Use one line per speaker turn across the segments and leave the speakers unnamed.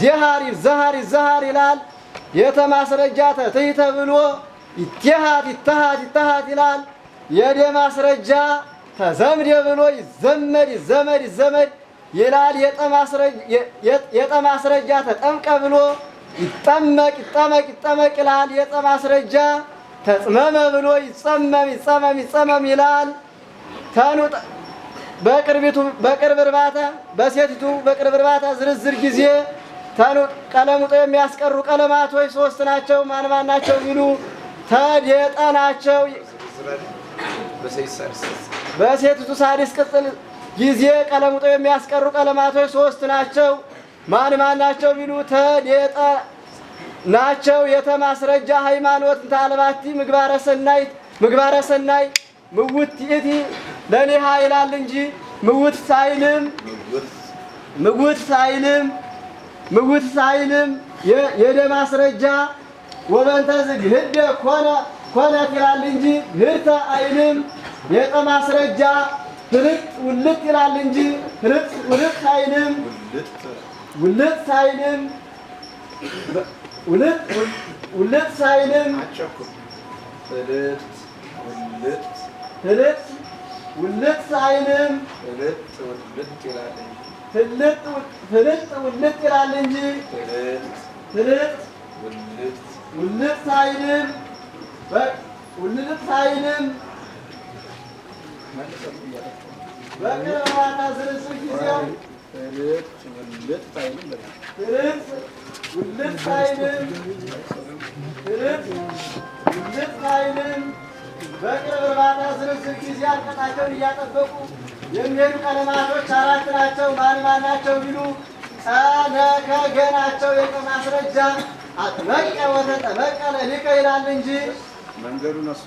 ዘሃሪር ዘሃሪር ዘሃር ይላል። የተማስረጃ ተትይ ተብሎ ይትሃት ይትሃት ይትሃት ይላል። የደ ማስረጃ ተዘምድ ብሎ ይዘመድ ይዘመድ ይዘመድ ይላል። የጠ ማስረጃ ተጠምቀ ብሎ ይጠመቅ ይጠመቅ ይጠመቅ ይላል። የጠ ማስረጃ ተጽመመ ብሎ ይጸመም ይጸመም ይጸመም ይላል። ተኑ በቅርቢቱ በቅርብ እርባታ በሴቲቱ በቅርብ እርባታ ዝርዝር ጊዜ ተኑ ቀለሙጦ የሚያስቀሩ ቀለማቶች ሶስት ናቸው። ማን ማን ናቸው ቢሉ ተዴጠ ናቸው። በሴቲቱ ሳድስ ቅጽል ጊዜ ቀለሙጦ የሚያስቀሩ ቀለማቶች ሶስት ናቸው። ማን ማን ናቸው ቢሉ ተዴጠ ናቸው። የተማስረጃ ሃይማኖት እንተ ምግባረ ሰናይ ምግባረ ሰናይ ምውት ይእቲ ለኔ ይላል እንጂ ምውት ሳይልም ምውት ሳይልም ምጉት ሳይልም የደም አስረጃ ወበንተ ዝግ ህደ ኮነ ኮነት ይላል እንጂ ህርተ አይልም። የጠም አስረጃ ፍልጥ ውልጥ ይላል እንጂ ፍልጥ ውልጥ አይልም። ውልጥ ሳይልም ውልጥ ውልጥ ሳይልም
ፍልጥ ውልጥ
ፍልጥ ውልጥ ሳይልም
ፍልጥ ውልጥ ይላል እንጂ
ፍልጥ ውልጥ ይላል እንጂ ፍልጥ ውልጥ ሳይልም ውልጥ ሳይልም በቅርባታ ስርስር ጊዜው ውልጥ ሳይልም ፍልጥ ውልጥ ጊዜ አቅጣጫቸውን እያጠበቁ የእንጌዱ ቀለማቶች አራት ናቸው። ማን ማን ናቸው ቢሉ ጸነከገ ናቸው። የቀ ማስረጃ አጥመቅ ወተ ጠበቀ ለሊቀ ይላል እንጂ
መንገዱን እሱ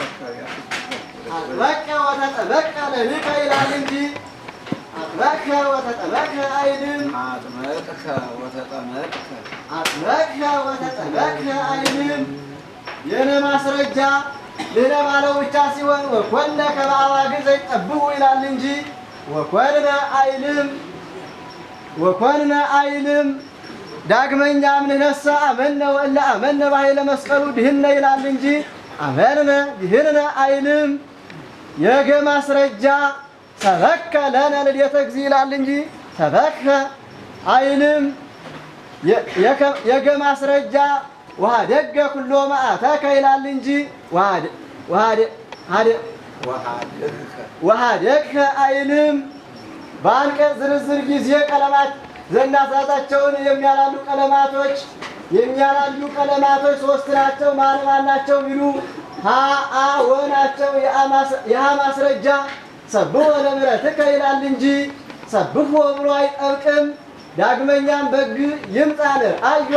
አጥበቀ አጥመቅ ወተ ጠበቀ ለሊቀ ይላል እንጂ አጥመቅከ ወተጠመቅከ አይልም።
አጥበቀ ወተጠመቅከ
አጥመቅከ ወተጠመቅከ አይልም። የነ ማስረጃ ልለ ባለው ብቻ ሲሆን ወኮነ ከበአባ ግዘ ይጠብቁ ይላል እንጂ ወኮንነ አይልም ወኮንነ አይልም። ዳግመኛ አምንነሳ አመነ ወእለ አመነ ባኃይለ መስቀሉ ድህነ ይላል እንጂ አመንነ ድህነ አይልም። የገ ማስረጃ ሰበከ ለነ ልደተ እግዚ ይላል እንጂ ሰበከ አይልም። የገ ማስረጃ ውሃ ደገ ኩሎ መዓተከ ይላል እንጂ ወሀደግኸ አይንም በአንቀጽ ዝርዝር ጊዜ ቀለማት ዘናሳታቸውን የሚያላሉ ቀለማቶች የሚያላሉ ቀለማቶች ሶስት ናቸው። ማን ማን ናቸው ቢሉ ሀ አ የሀ ማስረጃ ሰብሖ ለምሕረትከ ይላል እንጂ ሰብሖ ብሎ አይጠብቅም። ዳግመኛም በግ ይምጣነ አዮ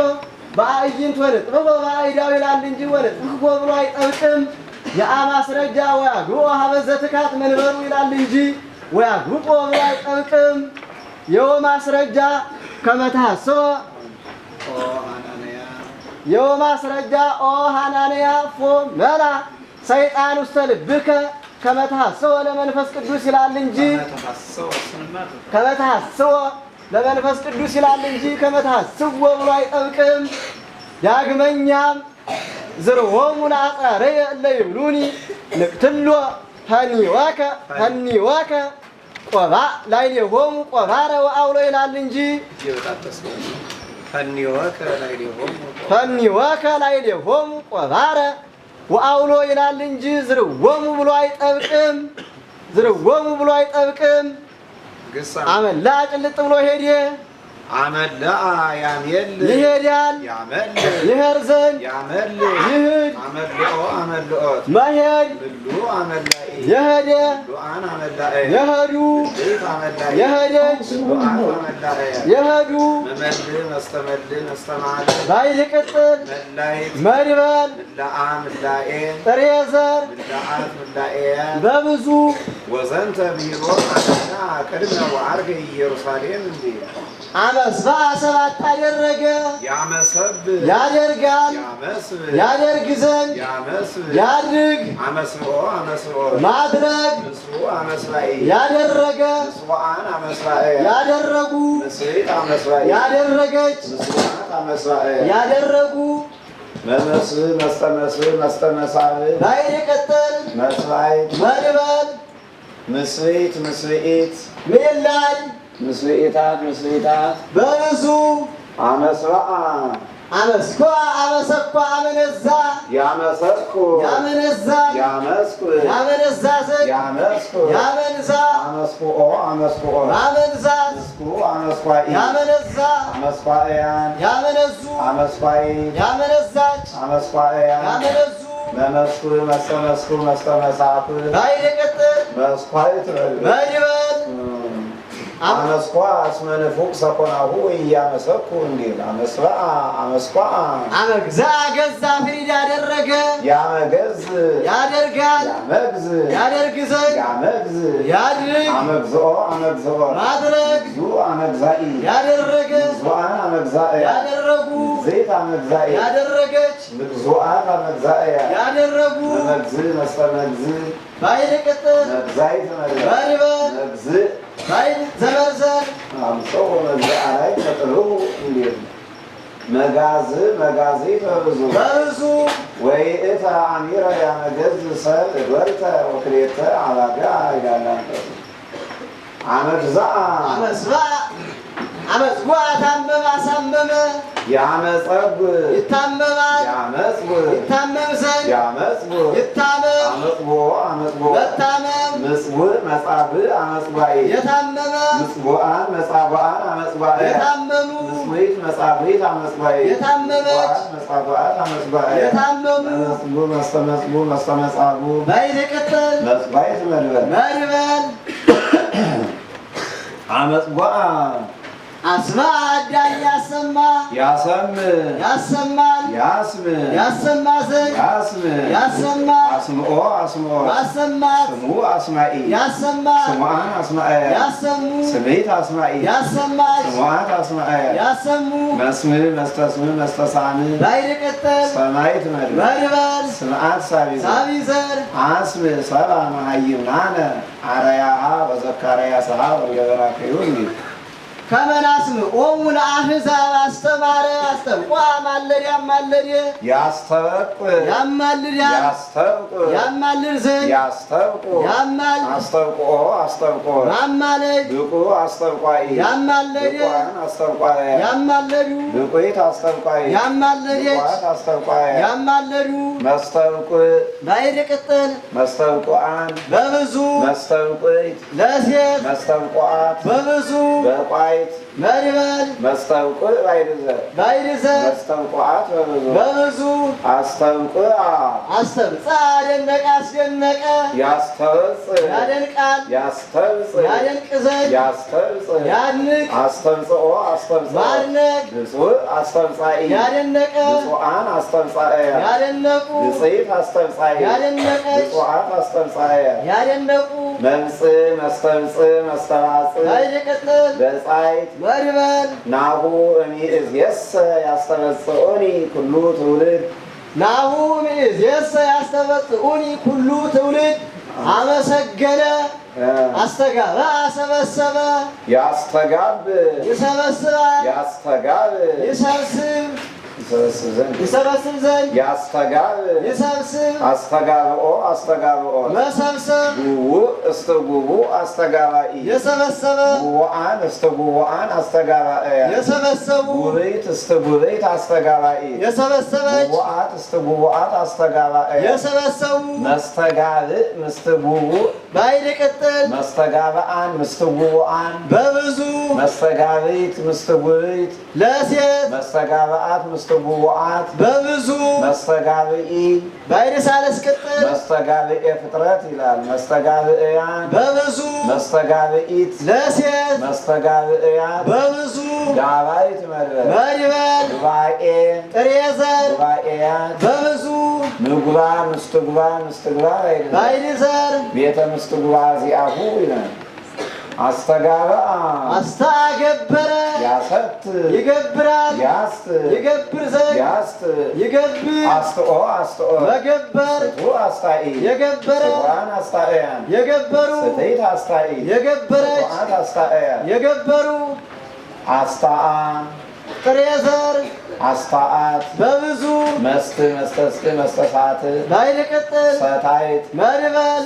በአዕይንት ወንጥብሖ በአይዳው ይላል እንጂ ወንጥብሖ ብሎ አይጠብቅም። የአማስረጃ ወያግቦ ሀበዘ ትካት መንበሩ ይላል እንጂ ወያግቦ ጠብቅም የወ ማስረጃ ከመታሰበ የወ ማስረጃ ኦ ሃናንያ ፎ መላ ሰይጣን ውስተ ልብከ ከመታሰበ ለመንፈስ ቅዱስ ይላል እንጂ ከመታሰበ ለመንፈስ ቅዱስ ይላል እንጂ ከመታስቦ ብሎ አይጠብቅም። ዳግመኛም ዝርሆሙን አጽራረየ እለ ይብሉኒ ንቅትሎ ሀኒዋከ ሀኒዋከ ቆባ ላዕሌሆሙ ቆባረ ወአውሎ ይላል እንጂ ፈኒዋከ ላዕሌሆሙ ቆባረ ወአውሎ ይላል እንጂ ዝርወሙ ብሎ አይጠብቅም። ዝርወሙ ብሎ አይጠብቅም። አመላ ጭልጥ ብሎ ሄዴ
አመለአ ያሜል
ይሄዳል ይሄድ ዘንድ
ይህድ
መሄድ የሄደ የሄዱ የሄደች የሄዱ ባይል ቅጥል መድበል ጥሬ ዘር በብዙ
ወዘንተ ቢሮ ቅድመ ወዐርገ ኢየሩሳሌም
አመስ በአሰባት አደረገ ያደርጋል ያደርግ ዘንድ ያድርግ ማድረግ ያደረገ ያደረጉ ያደረገች ያደረጉ
መመስ መስተመስ መስተመሳል
ላይ የቀጠል መስራይ መድበል
ምስሪት ምስሪት
ሜላኝ
ምስሪታት ምስሪታት በእሱ አመስራአ
አመስኳ አመሰኳ አመነዛ
ያመሰኩ
ያመነዛ
ያመስኩ ያመነዛዘ ያመስኩ ያመንዛ አመስኩ ኦ አመስኩ ያመነዛ አመስኳ ያመነዙ አመስኳይ
ያመነዛች አመስኳ ያመነዙ
መመስኩ መስተመስኩ መስተመሳፍ ላይ መስኳይ ትበል በዲበ አመስኳ አስመንፉቅ ሰኮናሁ ወያመሰኩ እንዲል አመስኳ
አመግዛ ገዛ ፍሪድ አደረገ
ያመገዝ
ያደርጋል ያመግዝ ያደርግ ያመግዝ ያድርግ
አመግዝኦ አመግዝኦ
ማድረግ ዙ አመግዛኢ ያደረገ
ዙአን አመግዛእ
ያደረጉ
ዘይት አመግዛኢ
ያደረገች
ዙአን አመግዛእ ያደረጉ መግዝ መስጠር መግዝ
ባይል ቅጥል መግዛይት መሪበል
መግዝእ መጋዝ መጋዚት በብዙ በብዙ ወይእተ አሚረ ያመገዝ ሰብ እግበርተ ወክሌተ አባጋ ይላላንጠቱ አመግዛ
አመዝባ አመዝጓዕ ታመመ አሳመመ
ያመፀብ
ይታመማል ያመፅብ ይታመም ዘንድ ያመፅብ ይታመም
መጥቦ አመጽቦ
መታመም
ምጽውዕ መጻብ አመጽዋዕይ
የታመመ
ምጽዋዓን መጻብዓን አመጽዋዕይ
የታመሙ ምጽውዕት
መጻብዕት አመጽዋዕይ
የታመመች
መጻብዓት አመጽዋዕይ
የታመሙ መጽቡዕ
መስተመጽቡዕ መስተመጻብዕ
ባይተቀጠል
መጽዋዕት መድበል
መድበል አመጽጓ አስማ አዳኝ ያሰማ ያሰም ያሰማል ያስም ያሰማ ዘንድ ያስም ያሰማ
አስምኦ አስምኦ
አሰማት ስሙ አስማኢ ያሰማ
ስሙአን አስማኤ ያሰሙ ስሜት አስማኢ
ያሰማች
ስሙአት አስማኤ ያሰሙ መስም መስተስም መስተሳም
ባይርቅጠል
ሰማይት መድ
መድበል
ስምአት ሳቢ
ሳቢዘር
አስም ሰባ መሀይም ናነ አረያሃ ወዘካርያ ሰሃ ወገበራከዩ እንዲል
ከመናስም ኦሙ ለአሕዛብ አስተማረ አስተምቋ ማለድ ያማለድ
ያስተብቅ
ያማልድ
ያስተብቅ
ያማልድ ዘንድ
ያስተብቁ ያማል አስተብቆ አስተብቆ
ማማለድ ብቁ
አስተብቋይ
ያማለድ
አስተብቋይ
ያማለዱ ብቁት አስተብቋይ ያማለድ አስተብቋይ ያማለዱ
መስተብቅ
ባይድ ቅጥል
መስተብቋን በብዙ መስተብቁት ለሴት መስተብቋት በብዙ በቋይ መድባይት
መድበል
መስተንቁዕ ባይድዘር
ባይድዘር
መስተንቁዓት በብዙ በብዙ አስተንቁዓ
አስተብጽ አደነቀ አስደነቀ
ያስተብጽ
ያደንቃል
ያስተብጽ
ያደንቅ ዘንድ
ያስተብጽ ያድንቅ አስተብጽኦ አስተብጽኦ ማድነቅ ብፁዕ አስተብጻኢ
ያደነቀ
ብፁዓን አስተብጻኢ
ያደነቁ
ብፅዕት አስተብጻኢ
ያደነቀች
ብፁዓት አስተብጻኢ
ያደነቁ
መምጽእ መስተምጽእ መስተባጽእ
አይደቀጥል በጻ መላእክት መድበል
ናሁ ሚእዝ የሰ ያስተበጽዑኒ ኩሉ ትውልድ
ናሁ ሚእዝ የሰ ያስተበጽዑኒ ኩሉ ትውልድ አመሰገነ አስተጋበ አሰበሰበ
ያስተጋብ
ይሰበስባል
ያስተጋብ
ይሰብስብ ይሰበስብ ዘንድ
ያስተጋብ
ይሰብስብ
አስተጋብኦ አስተጋብኦ
መሰብሰብ
ጉቡእ እስተ ጉቡእ አስተጋባኢ
የሰበሰበ
ጉቡአን እስተ ጉቡአን አስተጋባእያ
የሰበሰቡ
ጉበይት እስተ ጉበይት አስተጋባኢ
የሰበሰበች
ጉቡአት እስተ ጉቡአት አስተጋባእያ
የሰበሰቡ
መስተጋብእ ምስተ ጉቡእ
ባይል ቅጥል
መስተጋብአን ምስትውአን በብዙ መስተጋብት ምስትውት
ለሴት
መስተጋብአት ምስትውአት በብዙ መስተጋብኢ ባይል
ሳለስ ቅጥል
መስተጋብኤ ፍጥረት ይላል። መስተጋብእያን በብዙ መስተጋብኢት
ለሴት
መስተጋብእያን በብዙ ጋባይት መድበል መድበል ጉባኤ ጥሬ ዘር ጉባኤያን በብዙ ምግባር ምስትግባር ምስትግባር
ባይል ዘር
ቤተ ምስ ውስጥ ጉባ ዚአሁ ይላል። አስተጋባ
አስተገበረ ያሰት ይገብራል ያስት ይገብር ዘንድ ያስት ይገብ አስተኦ አስተኦ መገበር ስቱ አስታኢ የገበረ
ስቱዓን አስታእያን የገበሩ ስተይት አስታኢ
የገበረች
ስቱዓት አስታእያን የገበሩ አስታአ
ጥሬ ዘር
አስታአት በብዙ መስት መስተስት መስተሳት
ባይልቅጥል
ሰታይት
መድበል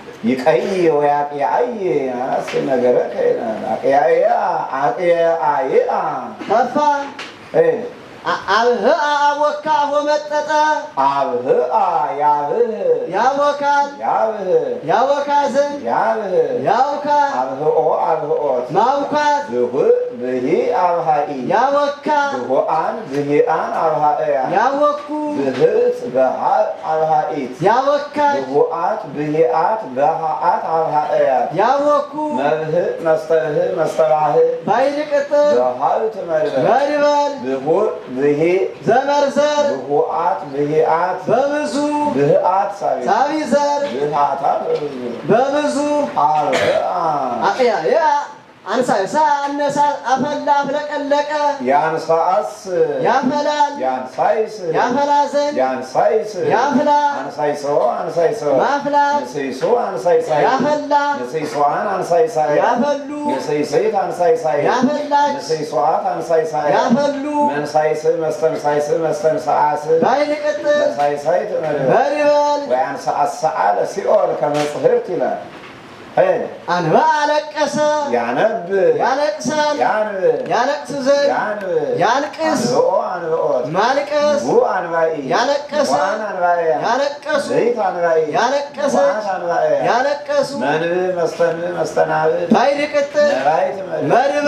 ይቀይወያቅያይ አስ ነገረ አቅያየ
ከፋ አብህአ አቦካ ሆመጠጠ
አብህአ ያብህ
ያቦካል ያብህ ያቦካ ዘንድ ያብህ ያውካ
አብህኦ አብህኦ
ማውካት
ዝህ ብሂ አብሃኢ ያወካ ብሆአን ብሂአን አብሃእያን ያወኩ ብህት በሃብ አብሃኢት
ያወካት
ብሆአት ብሂአት በሃአት አብሃእያን ያወኩ መብህእ መስተብህእ መስተባህእ
ባይልቅጥም
በሃብ ትመድበል መድበል ብሁእ ብሂ
ዘመርዘር
ብሆአት ብሂአት በብዙ ብህአት
ሳቢዘር
ብህአታት በብዙ አብአ አያ ያ
አንሳሳ አነሳ አፈላ አፍለቀለቀ
ያንሳስ
ያፈላል
ያንሳይስ
ያፈላዘን
ያንሳይስ ያፍላ አንሳይሶ አንሳይሶ ማፍላት ንሰይሶ አንሳይሳ ያፈላ ንሰይሶአን አንሳይሳ ያፈሉ ንሰይሰይት አንሳይሳ
ያፈላች
ንሰይሶአት አንሳይሳ ያፈሉ መንሳይስ መስተንሳይስ መስተንሳአስ ባይል ቅጥል መሳይሳይት በሪበል ወያንሳአስ ሰዓለ ሲኦል ከመጽህርት ይላል አንባ አለቀሰ ያነብ
ያለቅሳል ያለቅስ ዘንድ
ያልቅስ
ማልቀስ ያለቀሰ ያለቀሱ ያለቀሰ
ያለቀሱ መንብ መስተንብ መስተናብእ
ባይድ ቅጥል መድበል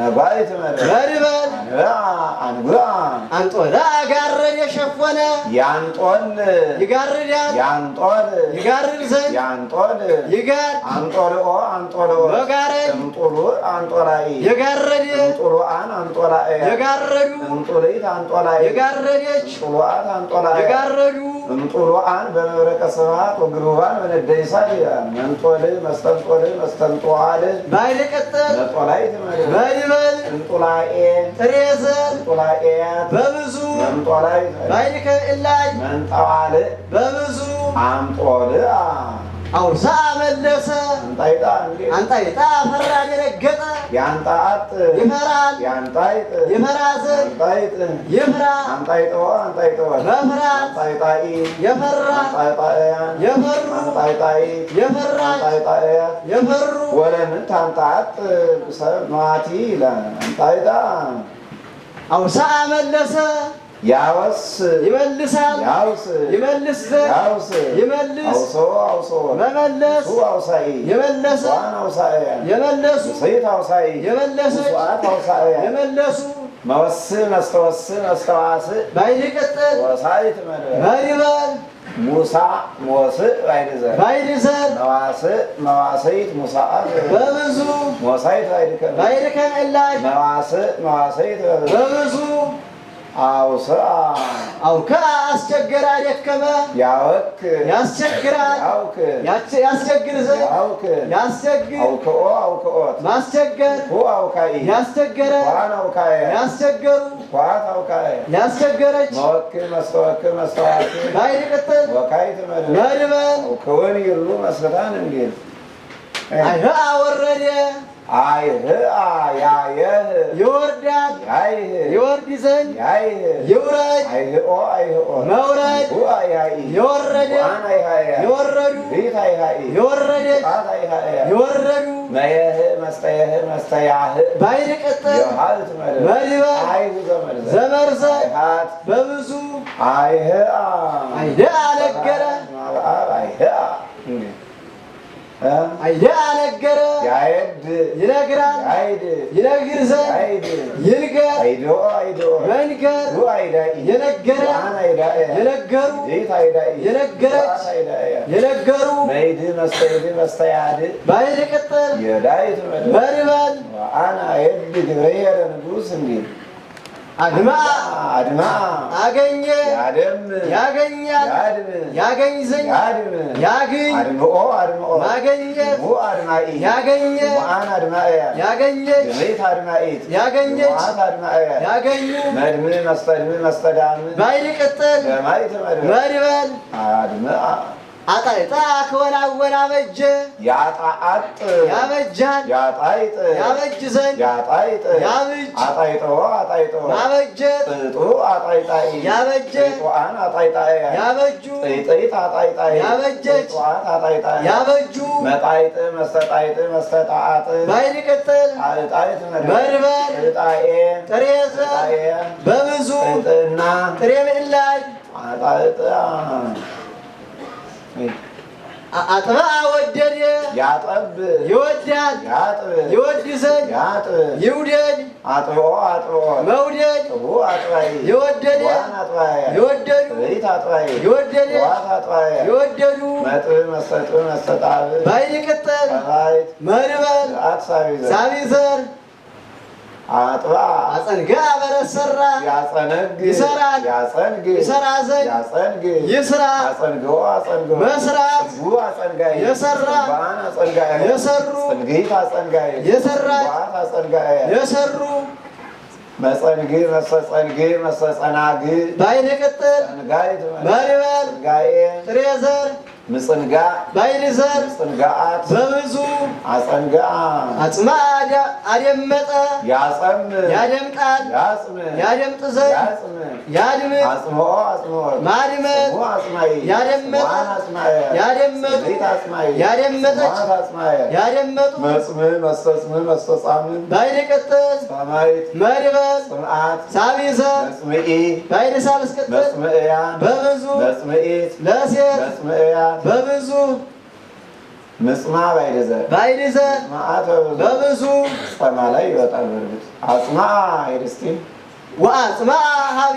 መድበል
አንጦን ጋረድ የሸፈነ
ያንጦን
ይጋርዳል
ያንጦን
ይጋርድ ዘንድ
ያንጦን ይጋር አንጦልኦ አንጦልኦ መጋረድ እንጡሉ አንጦላይ የጋረድ እንጡሉአን አንጦላይ
የጋረዱ
እንጡልይት አንጦላይ
የጋረደች
እንጡሉአን አንጦላይ የጋረዱ እንጡሉአን በመብረቀ ስብሐት ወግሩባን በነደይሳት መንጦል መስተንጦል መስተንጦዋል
ባይለቀጠል ነጦላይት መድበል እንበል እንጦላኤ ሬዘ እንጦላኤ በብዙ
መንጦላይ
ባይከ እላጅ
መንጠዋል በብዙ አምጦል
አውሳ መለሰ አንጣይጣ አፈራ ደነገጠ።
የአንጣ አጥ ይፈራል የአንጣይጥ
ይፈራ ዘንድ
ይፍራ አንጣይጠዋ አንጣይጠዋ
መፍራት አንጣይጣኢ የፈራ አንጣይጣያን የፈሩ
አንጣይጣኢ የፈራ አንጣይጣያን
የፈሩ ወለምን
ታንጣጥ ሰማቲ ይላል አንጣይጣ መለሰ ያወስ
ይመልሳል ይመልስ ይመልስ መመለስ የመለሰ የመለሱ የመለሱ
መወስን መስተወስን መስተዋስ
ባይልቀጠል ወሳይት ባይበል
ሙሳ መወስእ ባይልዘር ባይልዘር
መዋስእ
መዋሰይት ሙሳአት በብዙ መወሳይት ባይልከ
ባይልከ ዕላጅ መዋስእ
መዋሰይት በብዙ አውሰ
አውከ አስቸገረ አደከመ ያወክ ያስቸግራል ያውክ ያስቸግር ዘንድ ያውክ
ያስቸግር አውከኦ አውከኦት
ማስቸገር ሁ አውካይ ያስቸገረ ዋን አውካይ ያስቸገሩ
ኳት አውካይ
ያስቸገረች
መወክል መስተወክል መስተዋክ
ላይ ቅጥል
ወካይ ትመድ መድበል አውከወን ይሉ መስፈታን እንዲል
አይህ አወረደ
አይህ አያየህ
ይወርዳል
አይህ ይወርድ ዘንድ አይህ ይውረድ
መውረድ የወረደ የወረዱ ቤት አይሃይ የወረደ የወረዱ መየህ
መስተየህ መስተያህ ባይር
ቀጠል የሃልት
ዘመርዘ በብዙ አይህ አይደ
አለገረ አይህ ያነገረ ይነግራል
ይነግር ዘንድ
ይንገር መንገር
የነገረ የነገሩ
የነገረች የነገሩ ባይድ ቅጥል በድበል
አና የድ ግብረ ንጉስ እንዲህ አድማ አድማ አገኘ ያደም
ያገኛል ያገኝ ዘኝ ያግኝ አድምኦ አድምኦ ማገኘት ያገኘ
አን አድማእያ
ያገኘች ቤት
ያገኘ
ያገኘች አድማእያ ያገኙ መድም
መስጠድም መስጠዳም
ባይል ቅጥል
መድበል አድማ
አጣይጣ ከወናወና በጀ ያጣ አጥ ያበጃል
ያጣይጥ ያበጅ ዘንድ ያጣይጥ ያብጅ አጣይጦ
አጣይጦ ያበጀ ጥጡ አጣይጣ ያበጀ ጥዋን አጣይጣይ ያበጁ
ጥይጥ አጣይጣይ
ያበጀች ጥዋን አጣይጣይ ያበጁ
መጣይጥ መስተጣይጥ መስተጣአጥ ባይል ቅጥል አጣይጥ
መድበር ጥጣኤ ጥሬዘ በብዙ ጥና ጥሬ ምዕላጅ አጣይጣ አጥባ ወደድ ያጠብ ይወዳል ያጥብ ይወድሰን ያጥብ ይውደድ አጥብኦ አጥብኦ መውደድ ጥቡ አጥባይ የወደደ የወደዱ ሪት
አጥባይ የወደደ
ዋት አጥባይ
የወደዱ መጥብ መሰጥ መሰጣብ
ባይቅጠል ባይት መርበል አትሳቢዘር ሳቢዘር አጥባ አጸንገ አበረሰራ
ያጸነግ
ይሰራል ያጸንግ ይሰራ ዘንድ ያጸንግ
ይስራ አጸንገው አጸንገው
መስራት የሰሩ ጽንግት አጸንጋይ የሰራ
ባይነቀጠል ጸንጋይ
ባሪባል ጋዬ ምጽንጋ ባይልሰት
ምጽንጋአት በብዙ አጸንጋ
አጽማዳ አደመጠ ያጸም ያደምጣል
ያጽም ያደምጥ ዘንድ ያጽም ያድም አጽሞ አጽሞ
ማድመጥ
አጽማይ ያደመጠ
ያደመጡ
ያደመጠች ያደመጡ መጽም መስተጽም መስተጻም
ባይልቅጥል ሰማይት መድበል ጽምአት ሳቢሰ መጽምኢ
በብዙ ለሴት በብዙ ምጽማ ባይደዘ ባይደዘ በብዙ ጸማ ላይ ይወጣል። በእርግጥ አጽማ ይደስቲ
ወአጽማ ሀብ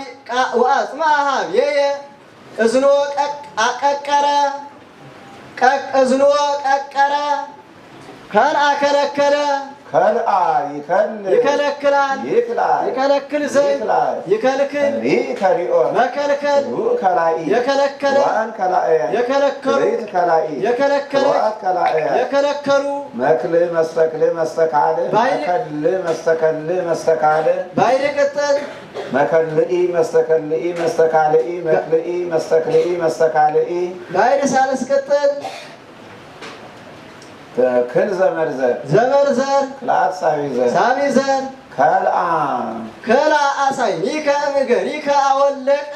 ወአጽማ ሀብ የየ እዝኖ ቀቀረ ቀቅ እዝኖ ቀቀረ ከን አከረከረ ከልአ ይከልክላል ይከለክል ዘንድ
ይከልክል መከልከል የከለከለ የከለከሉ የከለከለ የከለከሉ መክል መስተክል መስተካል መከል መስተከል መስተካል
ባይድ ቅጥል
መከልኢ መስተከልኢ መስተካልኢ መክልኢ መስተክልኢ መስተካልኢ
ባይድ ሳልስ ቅጥል
ዘመር ዘር ዘመር ዘር
ዘመርዘር ዘር ሳቢዘር ዘር ከልአ ከልአ አሳይ ኒከ እምገ ኒከ አወለቀ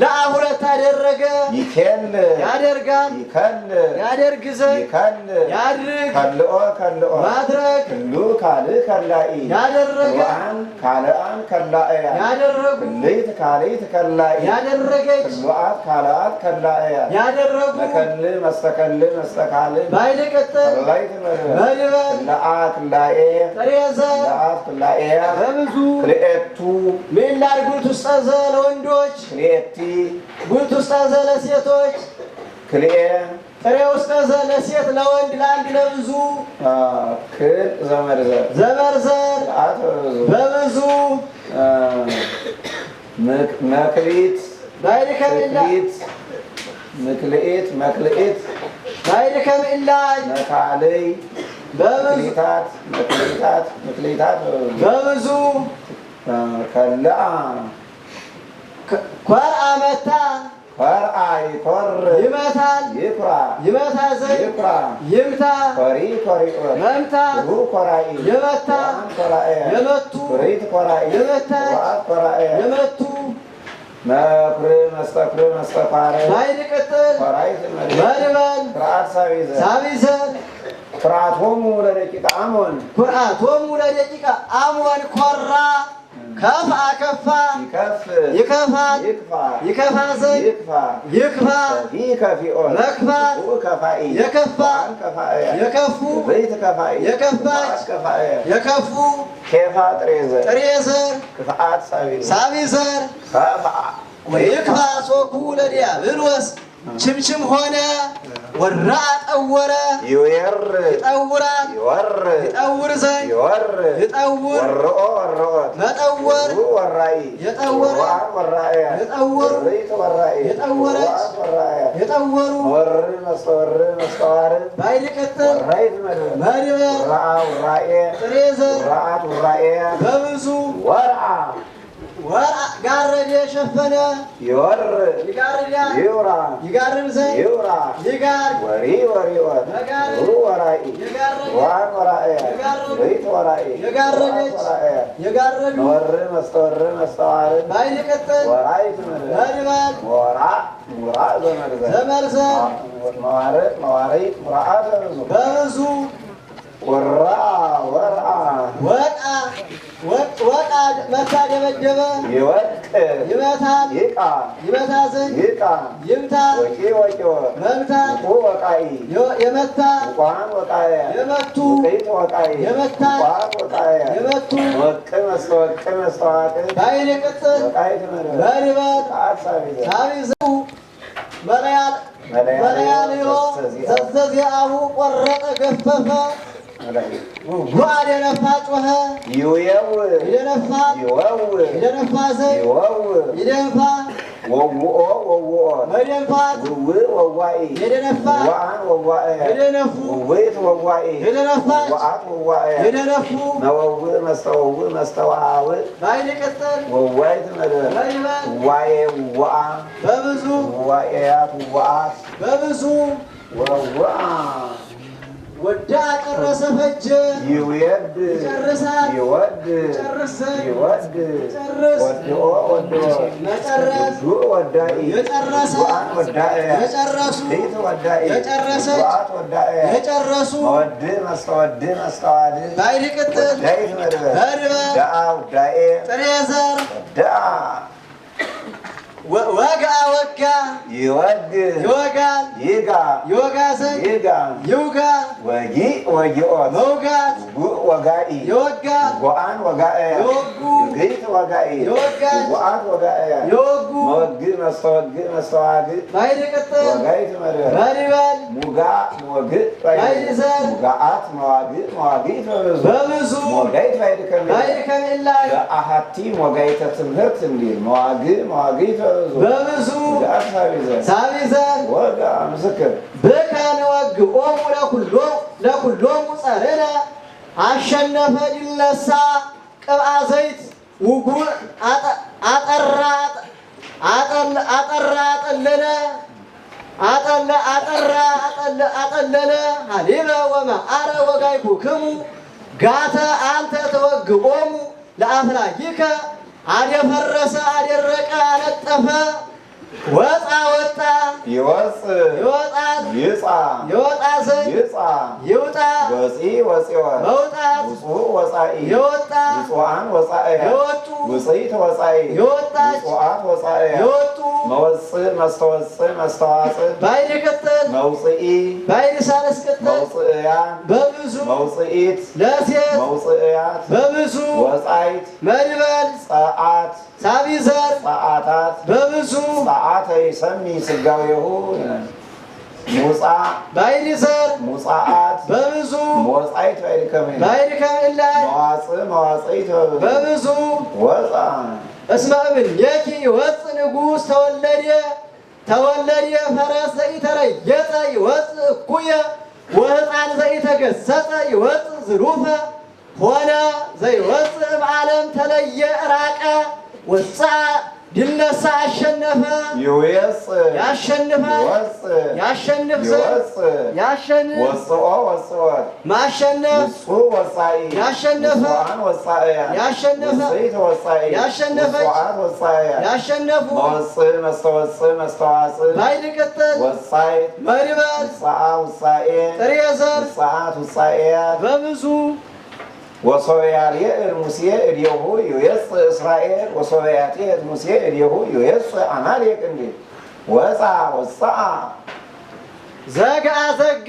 ለአሁረ ታደረገ ይኬል
ያደርጋል ይከል ያደርግ ዘንድ ይከል ያድርግ ከልኦ ከልኦ ማድረግ ክሉ ካል ከላኢ
ያደረገ
አን ካልአን ከላእያ ያደረጉ ክልይት ካልይት ከላኢ
ያደረገች
ክሉአት ካልአት ከላእያ ያደረጉ መከል መስተከል መስተካል
ባይል ቀጠል
ባይት መድበል ለአ ክላኤ ጠሬዘ ለአት ክላኤያ በብዙ ክልኤቱ
ሜን ውስጠዘ ለወንዶች ክልኤ ኬቲ ጉንት ውስጠ ዘለሴቶች
ክልኤ ጥሬ
ውስጠ ዘለሴት ለወንድ ለአንድ ለብዙ
ክል ዘመርዘር
ዘመርዘር በብዙ
መክሊት
ባይርከሚላት
ምክልኤት መክልኤት
ባይርከሚላት
መካለይ በብዙታት መክሊታት መክሊታት በብዙ ከልአ
ኮርአመታ
ኮርአ ይኮር
ይመታል ይኩራ ይመታ ዘይ ይኩራ ይምታ ኮሪ
ኮሪኦ መምታት
ሩ ኮራኢ የመታ ኮራኤ
የመቱ ሪት ኮራኢ የመታች ኮራኤ የመቱ መኩር መስተኩር መስተኳረ ባይድ ቅጥል ኮራይት መልበል ኩርአት ሳቢዘ ሳቢዘ ኩርአቶሙ ለደቂቃ አሞን
ኩርአቶሙ ለደቂቃ አሞን ኮራ ከፍ አከፋ ይከፋል ይከፋ ዘንድ ይክፋ መክፋት የከፋ
የከፉ የከፋች የከፉ
ጥሬ ዘር ሳቢ ዘር ይክፋ ሶኩ ለዲያብሎስ آه. شمشم هنا وراء أورا يوير أورا يور أور زين يور
أور وراء وراء ما
أور وراء يتأور
وراء يتأور وراء يتأور وراء يتأور وراء مصور مصور
بايلك وراء مر مر وراء وراء تريزر
وراء وراء
بمزو
وراء
ጋረድ የሸፈነ ይወር ይውራ ይጋርም ዘይ ይውራ
ይጋር ወሪ ወሪ ወር
ሩ ወራኢ ዋን ወራኤ ወይት ወራኤ የጋረደች የጋረዱ ወር
መስተወር መስተዋር
ባይንቀጥል
ወራይት መድባል ወራ ሙራ ዘመርዘ ዘመርዘ መዋርእ መዋሪት ሙራአ በብዙ ወራ ወራ
ወጣ ወጣ መታ ደበደበ ይወድቅ ይመታል ይቃ ይመታ ዘንድ ይቃ ይምታ ወጪ ወጪ
መምታት ወቃይ
የመታ ቋን ወቃይ የመቱ
ቀይት ወቃይ
የመታ ቋን ወቃይ የመቱ ወቅ
መስወቅ መስዋቅ
ባይል ቅጽል ወቃይ ተመረ ባይበት
አሳቢ ሳቢዙ መለያል መለያል
ዘዘዝ ያሁ ቆረጠ ገፈፈ ወአደ ነፋ ጮኸ ይውየው ይደነፋ
ይወው ይደነፋ ዘይ ይወው ይደንፋ ወውኦ
ወውኦ መደንፋት ውእ ወዋኢ የደነፋ
ወአን ወዋእ የደነፉ ውእት ወዋኢ
የደነፋት
ወአት ወዋእ የደነፉ መወውእ መስተወውእ መስተዋውእ
ባይል ቀጠል
ወዋይት መደብ ዋዬ ወአ በብዙ ዋኤያት
ወአት በብዙ ወዋ ወዳ ቀረሰ ፈጀ
ይወድ
ይጨርሳል ይወድ ጨርሰ ይወድ
ጨርስ ወድኦ
የጨረሰ ወዳኢ የጨረሱ የጨረሰች የጨረሱ
ወድ መስተወድ መስተዋድ ባይል
ቅጥል ዳይት
መድበ መድበ ዳአ ወዳኢ ጥሬ ዘር ዳአ
ወጋ ወጋ ይወድ ይወጋል
ይጋ ይወጋ ይጋ ይውጋ ወጊ ወጊኦት መውጋት ወጋኢ ይወጋ ጎአን ወጋኤ ይወጉ ግሪት ወጋኢ ይወጋ ጎአት ወጋኤ ይወጉ መወግ መስተወግ መስተዋግ ማይደቀጠል ወጋይት መድበል
መድበል ሙጋ መወግ ማይድዘል ሙጋአት
መዋግ መዋጊት በብዙ በብዙ ሞጋይት ማይድከም
ማይድከም ኢላ
አሃቲ ሞጋይተ ትምህርት እንዲል መዋግ መዋጊት በብዙ ሳቢዘን
ብከ ንወግኦሙ ለኩሎሙ ጸርዕነ አሸነፈ ዲለሳ ቅብአ ዘይት ውጉእ አጠራ አጠለለ አጠለ አጠራ አጠለ አጠለለ ሀሊበ ወመዓረ ወጋይኩክሙ ጋተ አንተ ኦሙ ለአፍላጊከ አደፈረሰ፣ አደረቀ፣ አነጠፈ ወጣ
ይወፅ ይወጣት ይጻ ይወጣሰ ይጻ ይውጣ ወፂ ወፂወን
መውጣት ውፁእ ወፃኢ የወጣ ውፅዋን ወፃኢ የወጡ
ውፅኢት ወፃኢ
የወጣች
ውፅዋት ወፃኢ የወጡ መወፅእ መስተወፅእ መስተዋፅእ
ባይል ቅጥል መውፅኢ ባይል ሳልስ ቅጥል
መውፅእያ በብዙ መውፅኢት ለሴት መውፅእያት በብዙ ወፃይት
መልበል
ፀዓት
ሳቢዘር
ሰዓታት በብዙ ሰዓተ ይሰሚ ስጋዌሁ ሙፃ
ባይሪሰር
ሙፃአት በብዙ መወፃይት ባይርከመ
ባይርከመ ላይ መዋፅእ መዋፅይት በብዙ ወፃ እስመ እብን የኪ ይወፅ ንጉሥ ተወለደ ተወለደ ፈረስ ዘኢተረየፀ ይወፅ እኩየ ወሕፃን ዘኢተገሰፀ ይወፅ ዝሩፈ ሆነ ዘይወፅ እብ ተለየ ራ ወፃ ድነሳ አሸነፈ ይወፅ ያሸንፋል ይወፅ ያሸንፍ ዘንድ ያሸንፍ
ወፅኦ ወፅኦት ማሸነፍ ውፁእ
ወፃኢ ያሸነፈ
ወፃእያን ያሸነፈ ወፃኢ
ያሸነፈች ወፃእያን ያሸነፉ
መወፅእ መስተወፅእ መስተዋፅእ
ባይል ቅጥል ወፃይ መሪበት ውፅአ ውፃኤ ጥሬ ዘር
ውፅአት ውፃኤያት በብዙ ወሶበያልየ እድሙሴ እዴሁ ዩየጽ እስራኤል ወሶበያቴ እድሙሴ እዴሁ ዩየጽ አማሌቅ እንዴ ወፃ ወፃ
ዘጋ ዘጋ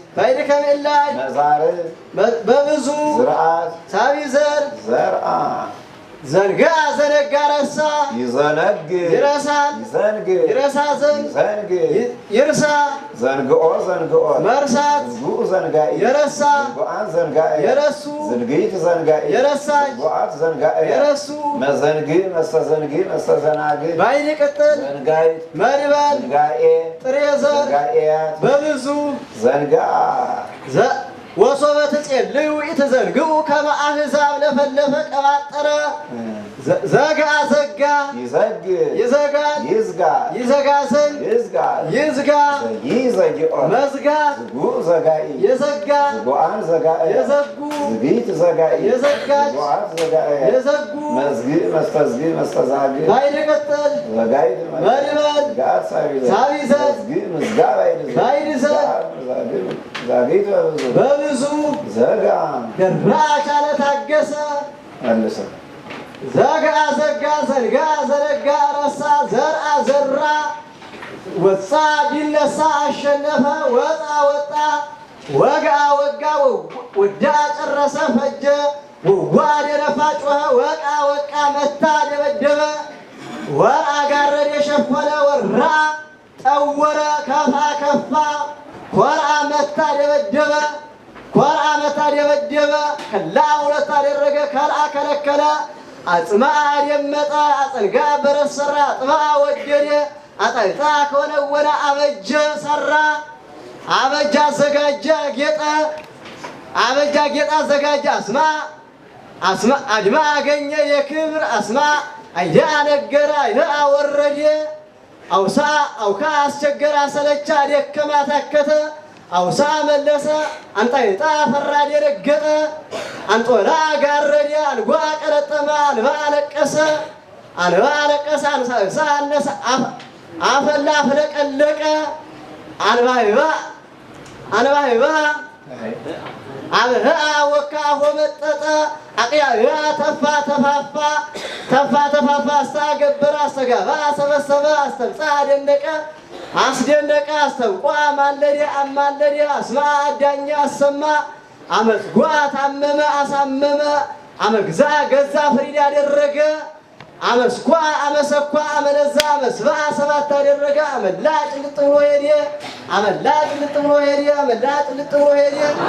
ባይድከም ኤላጅ መዛር በብዙ
ዝርዓት ሳቢ ዘር ዘርአ
ዘንጋ ዘነጋ ረሳ
ይዘነግ ይረሳል ይዘንግ ይረሳ ዘንግ ይርሳ ዘንግኦ ዘንግኦ
መርሳት ዝጉኡ
ዘንጋኢ የረሳ ዝጉኣን ዘንጋኢ የረሱ ዝንግይት ዘንጋኢ
የረሳይ ዝጉኣት
ዘንጋኢ የረሱ መዘንግ መስተዘንጊ መስተዘናግዕ ባይን
ቅጥል ዘንጋይ መድበል ዘንጋኤ ጥሬ ዘር ዘንጋኤያት
በብዙ ዘንጋ
ወሶበ ትጼን ልውኢ ትዘንግኡ ከመ አሕዛብ ለፈለፈ ቀባጠረ ዘጋ ዘጋ ይዘግ
ይዘጋል ይዝጋ ይዘጋስል ይዝጋል ይዝጋ
ይዘጊኦ
ዘጋ ዝጉዕ የዘጋ ዝጉዓን ዘጋ የዘጉ ዝቢት ዘጋ
የዘጋች የዘጉ
መዝጊእ መስተዝጊእ መስተዛግእ ባይደ ቀጠል ዘጋይ
መልበል ሳቢዘ ምዝጋ ባይድ ባይድሰ በብዙ ዘጋ ገራ ቻለ ታገሰ መልሰ ዘጋ ዘጋ ዘርጋ ዘረጋ ረሳ ዘርአ ዘራ ወፃ ቢነሳ አሸነፈ ወጣ ወጣ ወጋ ወጋ ወዳአ ጨረሰ ፈጀ ወዋ ደረፋ ጮኸ ወቃ ወቃ መታ ደበደበ ወርአ ጋረደ የሸፈነ ወራ ጠወረ ከፋ ከፋ ኮርአ መታ ደበደበ ኮርአ መታ ደበደበ ከላ ሁለት አደረገ ከልአ ከለከለ አጽማ ደመጣ አጸንጋ ሰራ አጥማ ወደደ አጠንታ ከሆነወነ አበጀ ሰራ አበጃ አዘጋጀ ጌጠ አበጃ ጌጣ አዘጋጀ አስማ አስማ አድማ አገኘ የክብር አስማ አይደ አነገረ አይነ አወረደ አውሳ አውካ አስቸገረ አሰለቻ ደከማ ታከተ አውሳ መለሰ አንጣይጣ ፈራድ ደረገጠ አንጦላ ጋረደ አልጓ ቀለጠመ አልባ አለቀሰ አልባ አለቀሰ አንሳሳ አነሳ አፈላ አፍለቀለቀ አንባይባ አንባይባ አብህ ወካ ሆመጠጠ አቅያብ ተፋ ተፋፋ ተፋ ተፋፋ አስተገበረ አስተጋባ አሰበሰበ አስተብፃ ደነቀ አስደነቀ አስተውቋ ማለደ አማለደ አስማ ዳኛ አሰማ አመትጓ ታመመ አሳመመ አመግዛ ገዛ ፍሪድ አደረገ አመስኳ አመሰኳ አመነዛ አመስባ ሰባት አደረገ አመላ ጭልጥ ብሎ ሄደ አመላ ጭልጥ ብሎ ሄደ አመላ ጭልጥ ብሎ ሄደ